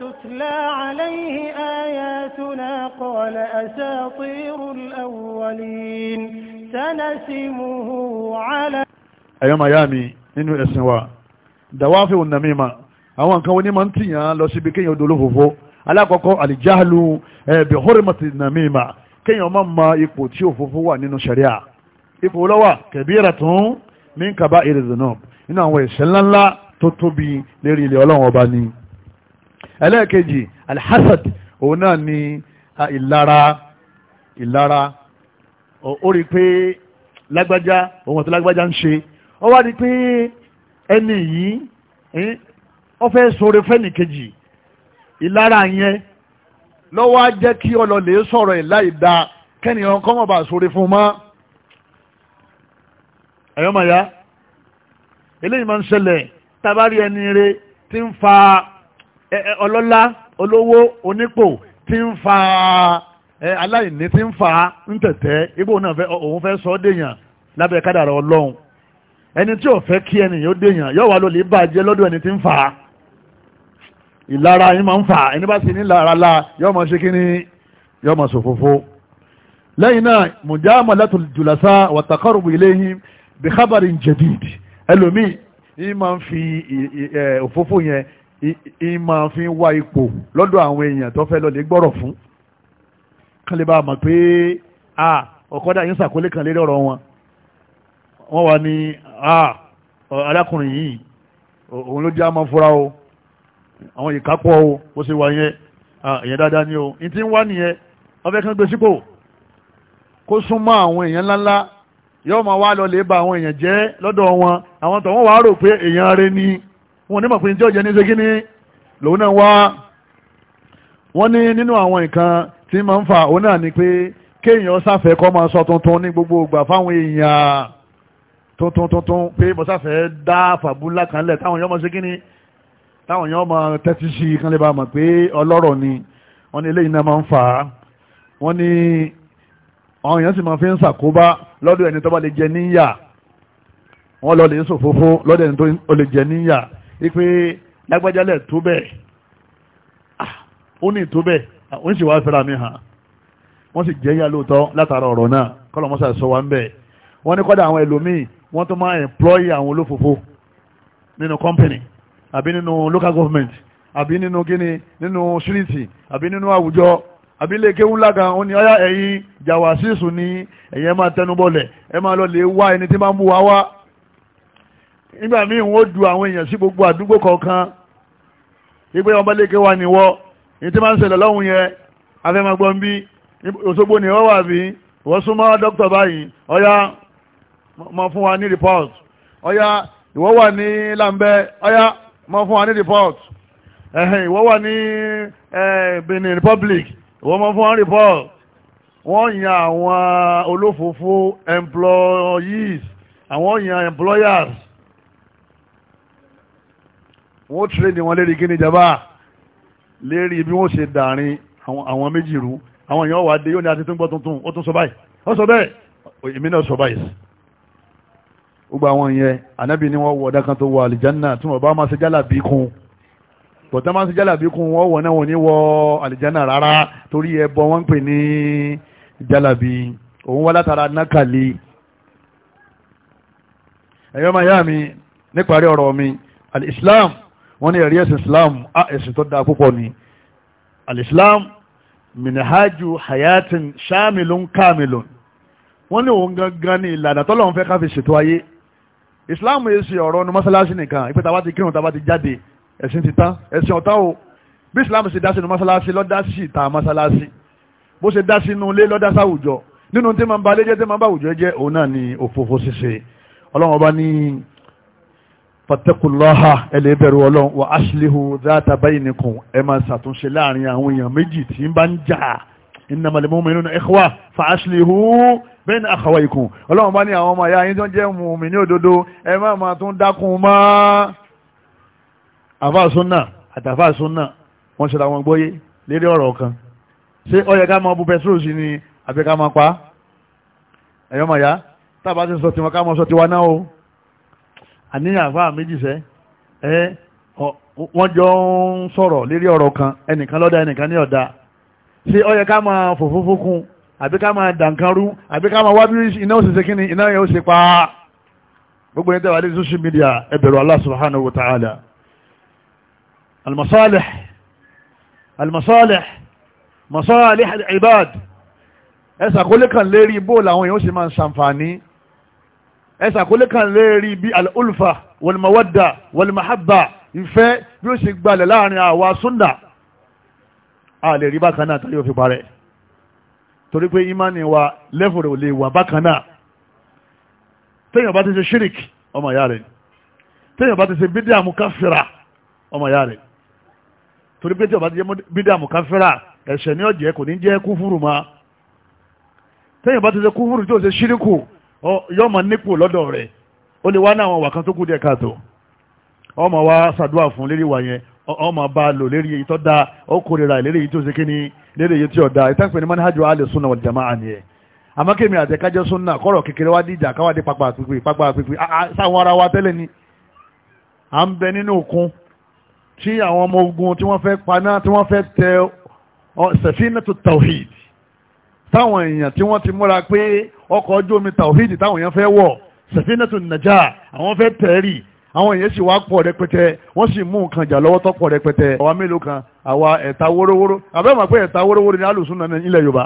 تتلى عليه آياتنا قال أساطير الأولين سنسمه على أيام أيامي nínú ẹ̀sìn wa dàwáfẹ́ ònàmíma àwọn nǹkan wọn ní ma ń tìyàn lọ síbi kéèyàn odò olófòfó alákọ̀ọ́kọ́ àlìjáàlù ẹ̀bẹ̀ hórímọ̀tì nàmíma kéèyàn má ma ipò tí òfófó wà nínú ṣẹ̀ríà ipò lọ́wà kẹ̀bíra tún ní kaba ìrìnà nínú àwọn ẹ̀ṣẹ̀ ńláńlá tó tóbi lérí ilẹ̀ ọlọ́run ọba ni ẹlẹ́ẹ̀kejì alhassad òun náà ni ìlara ìlara ó rí pé lágbájá òun àti lágbájá ń ṣe ó wá rí pé ẹni yìí ó fẹ́ sọ̀rọ̀ fẹ́nì kejì ìlara yẹn lọ́wọ́ á jẹ́ kí ọlọ́lẹ̀ sọ̀rọ̀ ẹ̀ láì kẹ́nìyàn kọ́mọ̀ sọ̀rọ̀ fún mọ́ ẹ̀yọ́mọ̀ eléyìí máa ń ṣẹlẹ̀ tábàárí ẹni rẹ ti ń fa ọlọ́lá olówó onípò tí ń fa aláìní tí ń fa ń tẹ̀tẹ̀ ibo náà òun fẹ́ sọ ọ́ dèèyàn lábẹ́ kádàrà ọlọ́run ẹni tí ò fẹ́ kí ẹni yóò dèèyàn yóò wá lólè bàjẹ́ lọ́dọ̀ ẹni tí ń fa ìlara yín máa ń fa ẹni bá sì ní lára la yóò máa ṣe kí ni yóò máa ṣòfófó lẹ́yìn náà mùjá mọ̀lẹ́tò jùlọ́sá wàtàkọ́rùbù iléyìn bí kábàrin jẹ̀dìd ẹlòmíì yín máa ń fi òfófó yẹn ìmọ̀ fi wá ipò lọ́dọ̀ àwọn èèyàn tó fẹ́ lọ́dẹ gbọ́rọ̀ fún kán lè bá mọ̀ pé a ọ̀kọ́dà yín sàkólé kan lérí ọ̀rọ̀ wọn wọ́n wà ní a arákùnrin yìí òun ló jẹ́ àmọ́ fúra o àwọn ìkápọ̀ o bó ṣe wà yẹn èèyàn dáadáa ni o ní tí ń wá nìyẹn wọ́n fẹ́ gbé sípò kó súnmọ́ àwọn èèyàn ńláńlá yóò máa wá lọ lè ba àwọn èèyàn jẹ́ lọ́dọ̀ wọn àwọn tó wá rò pé èèyàn rẹ ni wọn ní mọ̀ pé ní tí ní ṣégí ní lòun náà wá wọ́n ní nínú àwọn nǹkan tí máa ń fa òun náà ni pé kéèyàn sáfẹ́ kọ́ máa sọ tuntun ní gbogbo ìgbà fáwọn èèyàn tuntun tuntun pé mo sáfẹ́ dá fàbúlà kan lẹ̀ táwọn èèyàn máa ṣégí ní táwọn èèyàn tẹ́tí sí i kan lè ba mọ̀ pé ọlọ́rọ̀ ni wọ́n ní eléyìí náà máa ń fà á wọ́n ní àwọn èèyàn sì máa fi ń ṣàkóbá lọ́dọ̀ ẹni tó bá lè jẹ níyà wọ́n lọ lè ṣòfófó lọ́dọ̀ ẹni tó lè jẹ níyà wípé lágbájálẹ̀ tó bẹ́ẹ̀ ah, ó ní tó bẹ́ẹ̀ ah, ó ń sì wá fẹ́ra mi hàn wọ́n sì jẹ́ yá lóòótọ́ látara ọ̀rọ̀ náà kọ́lọ̀ mọ́sà sọ wá ń bẹ̀ wọ́n ní kọ́dà àwọn ẹlòmíì wọ́n tó máa employ àwọn olófòfò nínú company àbí nínú local government àbí nínú kíni nínú síríìtì àbí nínú àwùjọ àbí ilé kéwú ńlá kan ó ní ọyá ẹ̀yin jàwá sísù ní ẹ̀yin ẹ máa tẹnubọlẹ̀ ẹ máa lọ lè wá ẹni tí máa ń bú wa wá nígbà míì wọ́n du àwọn èèyàn sí gbogbo àdúgbò kọ̀ọ̀kan ìgbé ọmọléke wa nìwọ ní tí máa ń ṣẹlẹ̀ lọ́hùn yẹn afẹ́mọ̀gbọ́n bí Òṣogbo ni wọ́n wà bí wọ́n súnmọ́ dókítà báyìí ọ̀yá mọ fún wa ní report ọ̀yá ìwọ wà ní lambẹ́ ọ̀yá mọ fún wa ní report ẹ̀hìn wà ní Benin Republic ìwọ mọ fún wa ní report wọ́n yan àwọn olófòófó employees àwọn yan employers wọ́n tírèdì wọn lérí kíní jaba lérí bí wọ́n ṣe dàrin àwọn méjì rú àwọn èèyàn wà dé yóò ní àti tó ń gbọ́ tuntun ó tún sọ báyìí ó sọ bẹ́ẹ̀ èmi náà sọ báyìí gbogbo àwọn yẹn anábì ni wọ́n wọ ọ̀dá kan tó wọ àlìjánà tí wọ́n bá máa ṣe jálà bí kún bọ̀tá máa ṣe jálà bí kún wọ́n wọ̀ náà wọ́n ní wọ àlìjánà rárá torí ẹbọ wọ́n ń pè ní jálà bí òun wá látara nákàlí ẹ̀yọ́ máa yá mi níparí ọ̀rọ̀ mi al-Islam wọ́n ní ẹ̀rí ẹ̀sìn islam á ẹ̀sìn tó dáa púpọ̀ ni alìsílám minhaju hayatin shamilun kamilun wọ́n ní òun gangan ní ìlànà tọ́lọ́run fẹ́ ká ṣètò ayé islam yìí ṣe ọ̀rọ̀ ní mọ́sálásí nìkan ìpè tá a bá ti kírun tá ti jáde ẹ̀sìn ti tán ẹ̀sìn ọ̀tá o bí islam ṣe dá sínú mọ́sálásí ló dá sí ìta mọ́sálásí bó ṣe dá sínú ilé ló dá sáwùjọ nínú tí máa ń ba ilé jẹ́ tí máa ń bá àwùjọ jẹ́ òun náà ni òfófó ṣíṣe ọlọ́run ọba ní fàtẹ́kùlọ́ha ẹlẹ́ bẹ̀rù ọlọ́run wà áṣìlẹ́hù dáàtà báyìí nìkan ẹ máa ṣàtúnṣe láàrin àwọn èèyàn méjì tí ń bá ń jà innamal mu'minuna ikhwa fa áṣìlẹ́hù bayna akhawaykum ọlọ́run bá ní àwọn ọmọ ayá yín tó ń jẹ́ mùmínì òdodo ẹ máa máa tún dákun mọ́ àfàsúnà àtàfàsúnà wọ́n ṣe làwọn gbọ́yé lérí ọ̀rọ̀ kan ṣé ó yẹ ká máa bu àníyàn àfáà méjì sẹ́ ẹ́ wọ́n jọ ń sọ̀rọ̀ lérí ọ̀rọ̀ kan ẹnìkan lọ́dà ẹnìkan ní ọ̀dà ṣé ó yẹ ká máa fòfófó kún àbí ká máa dànkan rú àbí ká máa wá bí iná ó sì ṣe kíni iná yẹn ó ṣe pa á gbogbo yẹn tẹ́wàá lé social media ẹ bẹ̀rù Allah subhanahu wa ta'ala al-masalih al-masalih masalih ibad ẹ ṣàkólé kan lérí bóòlù àwọn yẹn ó sì máa ń ṣàǹfààní ẹ̀sà kó lè kàn lè rí bí al-ulfa wal-mawadda wal-mahabba ìfẹ́ bí ó ṣe gbalẹ̀ láàrin àwa súnà a lè rí bákan náà tàbí òfin parẹ́ torí pé ìmánì wa lẹ́fù rẹ̀ ò lè wà bákan náà téèyàn bá ti ṣe shirik ọmọ ìyá rẹ̀ téèyàn bá ti ṣe bídíà mukafira ọmọ ìyá rẹ̀ torí pé tí bá ti ṣe bídíà mukafira ẹ̀ṣẹ̀ ní ọ̀jẹ̀ kò ní jẹ́ kúfúrù ma téèyàn bá ti ṣe kúfúrù tí ó ṣe shiriku yóò máa nípò lọ́dọ̀ rẹ̀ ó lè wá ní àwọn wà kan tó kù díẹ̀ káàtó ọmọ wa ṣàdúrà fún lérí wà yẹn ọmọ bá lò lérí èyí tó da ó kórira lérí èyí tó ṣe kíni lérí èyí tí ó da ìtàkùn ní manhajú alẹ́ súnà wal jama'a nìyẹn àmọ́ kémi àtẹ̀kájọ́ súnà kọ́rọ̀ kékeré wá dìjà káwádìí pápá pípé pápá pípé sáwọn ara wa tẹ́lẹ̀ ni à ń bẹ nínú òkun tí àwọn ọmọ ogun tí wọ́n fẹ́ paná tí wọ́n fẹ́ tẹ sẹ̀fínà tó tawhid táwọn èèyàn tí wọ́n ti múra pé ọkọ̀ ojú omi tàwíìdì táwọn èèyàn fẹ́ wọ̀ sẹ̀fínẹ́tù nàjà àwọn fẹ́ tẹ̀rì àwọn èèyàn sì wá pọ̀ rẹpẹtẹ wọ́n sì mú nǹkan jà lọ́wọ́ tó pọ̀ rẹpẹtẹ àwa mélòó kan àwa ẹ̀ta wórówóró àbẹ́ mọ̀ pé ẹ̀ta wórówóró ni alùsùn náà nílẹ̀ Yorùbá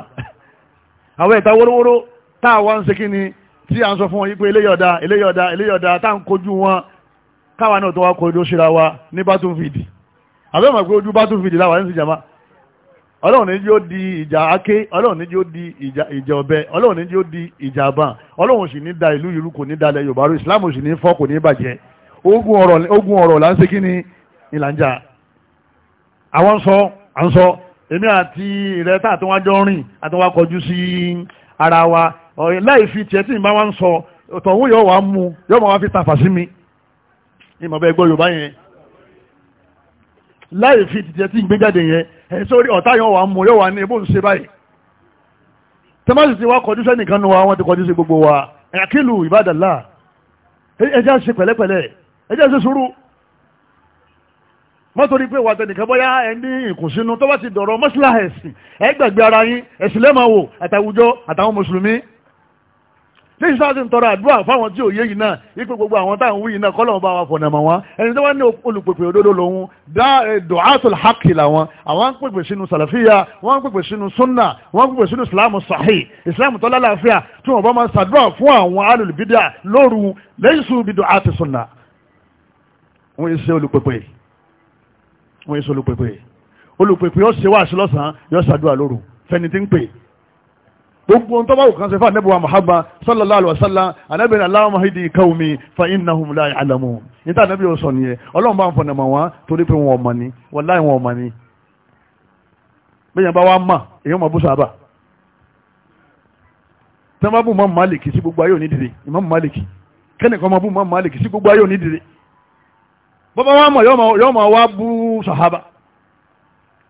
àwọn ẹ̀ta wórówóró tá a wá ń ṣe kí ni tí a ń sọ fún wọn yí pé eléyìí ọ̀dà tá à ń kojú wọn káwa náà tó wá kojú síra wa ní battlefield àbẹ́ mọ̀ pé ojú battlefield láwa ń sì jàmá ọlọ́run ní yóò di ìjà aké ọlọ́run ní yóò di ìjà ọ̀bẹ ọlọ́run ní yóò di ìjà àbá ọlọ́run sì ní da ìlú yìí rú kò ní dalẹ̀ yorùbá rú ìsìláàmù sì ní fọ́ kò ní bàjẹ́ ogun ọ̀rọ̀ là ń ṣe kí ni ìlànjà àwọn sọ à ń sọ èmi àti rẹ tá àtúnwá jọ rìn àtúnwá kọjú sí ara wa láì fi tiẹ̀ tí ì wa ń sọ tọ̀hún yóò wá mú yóò máa wá fi tafà sí mi ìmọ̀ bẹ́ẹ̀ gbọ́ yorùbá yẹn láì fi tìtẹ́ tí ń gbé jáde yẹn ẹ̀ sórí ọ̀tá yẹn wà mú yóò wà ní ebó ń ṣe báyìí tẹ́mọ́sì ti wá kọjú sẹ́nìkan nu wa wọ́n ti kọjú sí gbogbo wa ẹ̀kílù ìbádàlá ẹjẹ́ ṣe pẹ̀lẹ́pẹ̀lẹ́ ẹjẹ́ ṣe sùúrù mọ́tòrí pé wàtẹ̀ nìkan bọ́yá ẹni ìkùnsínú tó bá ti dọ̀rọ̀ mọ́sílá ẹ̀sìn ẹgbẹ̀gbẹ̀ ara yín ẹ̀sìn lẹ́mọ̀ wò àtàwùjọ àtàwọn mùsùlùmí lẹ́yìn sáà ti ń tọrọ àdúrà fáwọn tí òye yìí náà ipò gbogbo àwọn táwọn wí yìí náà kọ́lọ̀ bá wa fọ̀nà mọ̀ wọn ẹni tó wá ní olùpèpè òdodo lòun dọ́àtòl hákì làwọn àwọn ń pèpè sínú sàlàfíà wọ́n ń pèpè sínú súnà wọ́n ń pèpè sínú ìsìlámù sàhì ìsìlámù tó lálàáfíà tí wọ́n bá máa ṣàdúrà fún àwọn alùlùbídà lóru lẹ́yìn sùn bí súnà. wọ́n yìí ṣe olùpèpè olùpèpè gbogbo ohun tó bá wù kan ṣe fún anabi wa muhammad sallallahu alaihi wa sallam anabi allahumma hidi qawmi fa innahum la ya'lamun níta anabi yóò sọ nìyẹn ọlọ́run bá ń fọ̀nà mọ̀ wọ́n torí pé wọn ò mọ̀ ni wallahi wọn ò ni bẹ́ẹ̀ bá wá mà èyí mọ̀ bó sábà tí bá bù mọ́ màálìkì sí gbogbo ayé òní dìde ìmọ̀ màálìkì kẹ́nìkan máa bù mọ́ màálìkì sí gbogbo ayé òní bọ́bá wá mọ̀ yọ́ mọ̀ wá bú sàhábà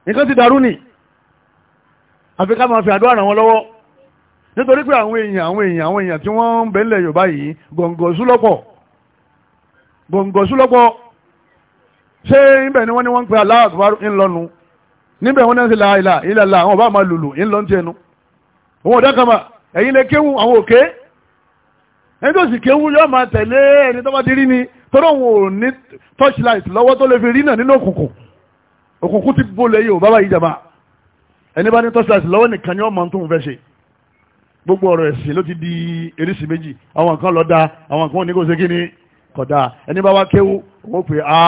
nǹkan ti dàrú ni àfi máa fi àdúrà ràn wọ́n lọ́wọ́ nítorí pé àwọn èèyàn àwọn èèyàn àwọn èèyàn tí wọ́n ń bẹ̀lẹ̀ Yorùbá yìí gọ̀ǹgọ̀ súlọ́pọ̀ gọ̀ǹgọ̀ súlọ́pọ̀ ṣé níbẹ̀ ni wọ́n ní wọ́n ń pe aláàtúwárú ńlọ́nu níbẹ̀ wọ́n náà ti la ìlà ìlàlà àwọn ọba máa lùlù ńlọ́n tiẹnu òun ọ̀dọ́ kan mà ẹ̀yin lè kéwù àwọn òkè ẹni tó sì kéwù yóò máa tẹ̀lé ẹni tó bá ti rí ni tọ́rọ òun ò ní torchlight lọ́wọ́ tó lè fi rí náà nínú òkùnkùn òkùnkùn ti bolẹ̀ yìí ò bá jàmbá ẹni bá ní torchlight lọ́wọ́ nìkan ni wọ́n máa ń tó ń fẹ́ ṣe gbogbo ọ̀rọ̀ ẹ̀sìn ló ti di eréṣì méjì àwọn kan lọ da àwọn kan ò ní kó ṣe kí ni kódà ẹni bá wá kéwú wọ́n pè á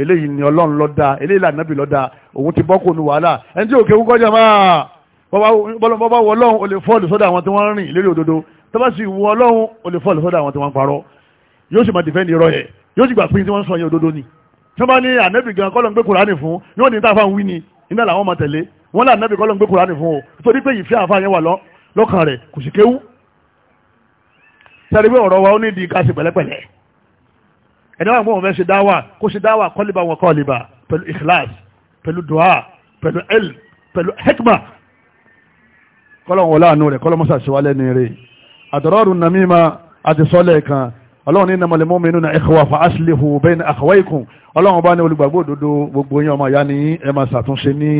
eléyìí ni ọlọ́run ló dá eléyìí lànàbì ló dá òun ti bọ́kù ní wàhálà ẹni tí ò kéwú kọjá máa bọ́bá wọ ọlọ́run ò lè fọ́ọ̀lù sọ́dọ̀ àwọn tí wọ́n rìn lérí òdodo tó bá sì wọ ọlọ́run ò fọ́ọ̀lù sọ́dọ̀ àwọn tí wọ́n parọ́ yóò sì máa dìfẹ́ǹdì irọ́ yẹ yóò sì gbà pín tí wọ́n sọ yẹn òdodo ni tí wọ́n bá ní ànẹ́bì gan kọ́lọ́ gbé kùránì fún yóò ní táfà ń wí ni iná làwọn máa tẹ̀lé wọ́n lá ànẹ́bì kọ́lọ́ ń gbé kùránì fún o torí pé ìfẹ́ àfà yẹn wà lọ lọ́kàn rẹ̀ kò sì kéwú sáré pé ọ̀rọ̀ wa ó nídìí ká ṣe pẹ̀lẹ́pẹ̀lẹ́ ẹni wà fún òun fẹ́ ṣe dáwà kó ṣe dáwà kọ́líbà wọn kọ́líbà pẹ̀lú ikhlas pẹ̀lú dua pẹ̀lú el pẹ̀lú hekma kọ́lọ̀ wọn láàánú rẹ̀ kọ́lọ̀ mọ́sà ṣíwálẹ̀ ní rẹ̀ àdọ̀rọ̀rùn namima àti sọ́lẹ̀ kan ọlọ́run ní nàmọ̀lẹ̀ mọ́mìnú na ikhwa fa aslihu bayna akhawaykum ọlọ́run bá ní olùgbàgbọ́ òdodo gbogbo yín ọmọ ìyá ni ẹ máa ṣàtúnṣe ní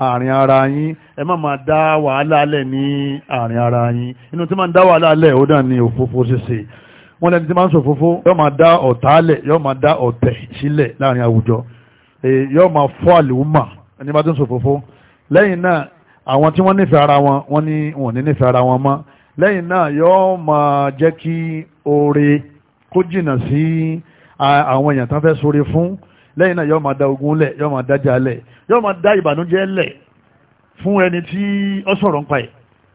àárín ara yín ẹ má máa dá wàhálà lẹ̀ ní àárín ara yín inú tí máa ń dá wàhálà lẹ̀ ó dàn ní òfófó ṣíṣe wọ́n lẹ́ni tí máa ń ṣòfófó yóò máa dá ọ̀tá lẹ̀ yóò máa dá ọ̀tẹ̀ sílẹ̀ láàrin àwùjọ yóò máa fọ́ àlùmà ẹni bá tó ń ṣòfófó lẹ́yìn náà àwọn tí wọ́n nífẹ̀ẹ́ ara wọn wọ́n ní wọn ò ní nífẹ̀ẹ́ ara wọn mọ́ lẹ́yìn náà yóò máa jẹ́ kí oore kó jìnnà sí àwọn èèyàn tán fẹ́ ṣoore fún lẹ́yìn náà yóò máa da ogun lẹ̀ yóò máa dájà lẹ̀ yóò máa dá ìbànújẹ́ lẹ̀ fún ẹni tí ó sọ̀rọ̀ ń pa ẹ̀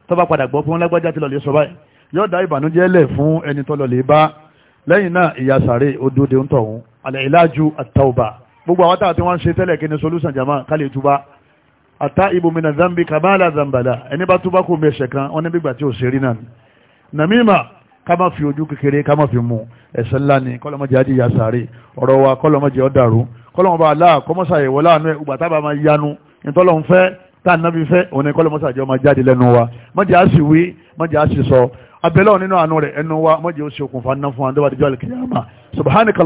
tó bá padà gbọ́ pé wọ́n lágbájá ti lọ́lẹ̀ sọ báyìí yóò dá ìbànújẹ́ lẹ̀ fún ẹni tó lọ́lẹ̀ bá lẹ́yìn náà ìyà sàré odòdè ń tọ̀hún alẹ́ ìlàjú àtàwùbà gbogbo àwọn táwọn tí wọ́n ń ṣe tẹ́lẹ̀ kí ni solúsàn jama kálí ìtúbá ata ibu mina zambi kamala zambala ẹni bá túbá kò mẹ́ṣẹ̀ kan wọ́n ní bígbà tí ò ṣe rí náà namima ká má fi ojú kékeré ká má fi mú ẹ̀ṣẹ̀ ńlá ni kọ́lọ́mọ́jẹ́ adìyà sàárè ọ̀rọ̀ wa kọ́lọ́mọ́jẹ́ ọ̀dàrú kọ́lọ́mọba aláà kọ́mọ́sàyẹ̀wò láàánú ẹ̀ ògbàtàbà máa yanu ìtọ́lọ́hún fẹ́ táànábí fẹ́ òní kọ́lọ́mọ́sàjọ́ máa jáde lẹ́nu wa mọ́jẹ́ á sì wí mọ́jẹ́ á sì sọ abẹ́lẹ́ nínú àánú rẹ̀ ẹnu wa mọ́jẹ́ ó sì okùnfà ná fún àdébà díjọ́ alìkìyàmà subhanaka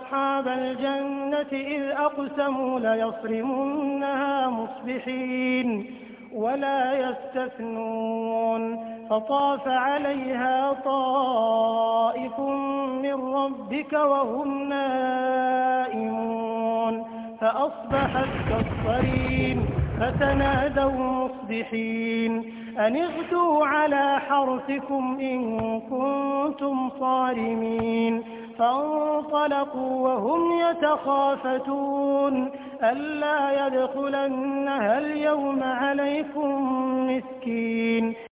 أصحاب الجنة إذ أقسموا ليصرمنها مصبحين ولا يستثنون فطاف عليها طائف من ربك وهم نائمون فأصبحت كالصريم فتنادوا مصبحين أن اغدوا على حرثكم إن كنتم صارمين فانطلقوا وهم يتخافتون ألا يدخلنها اليوم عليكم مسكين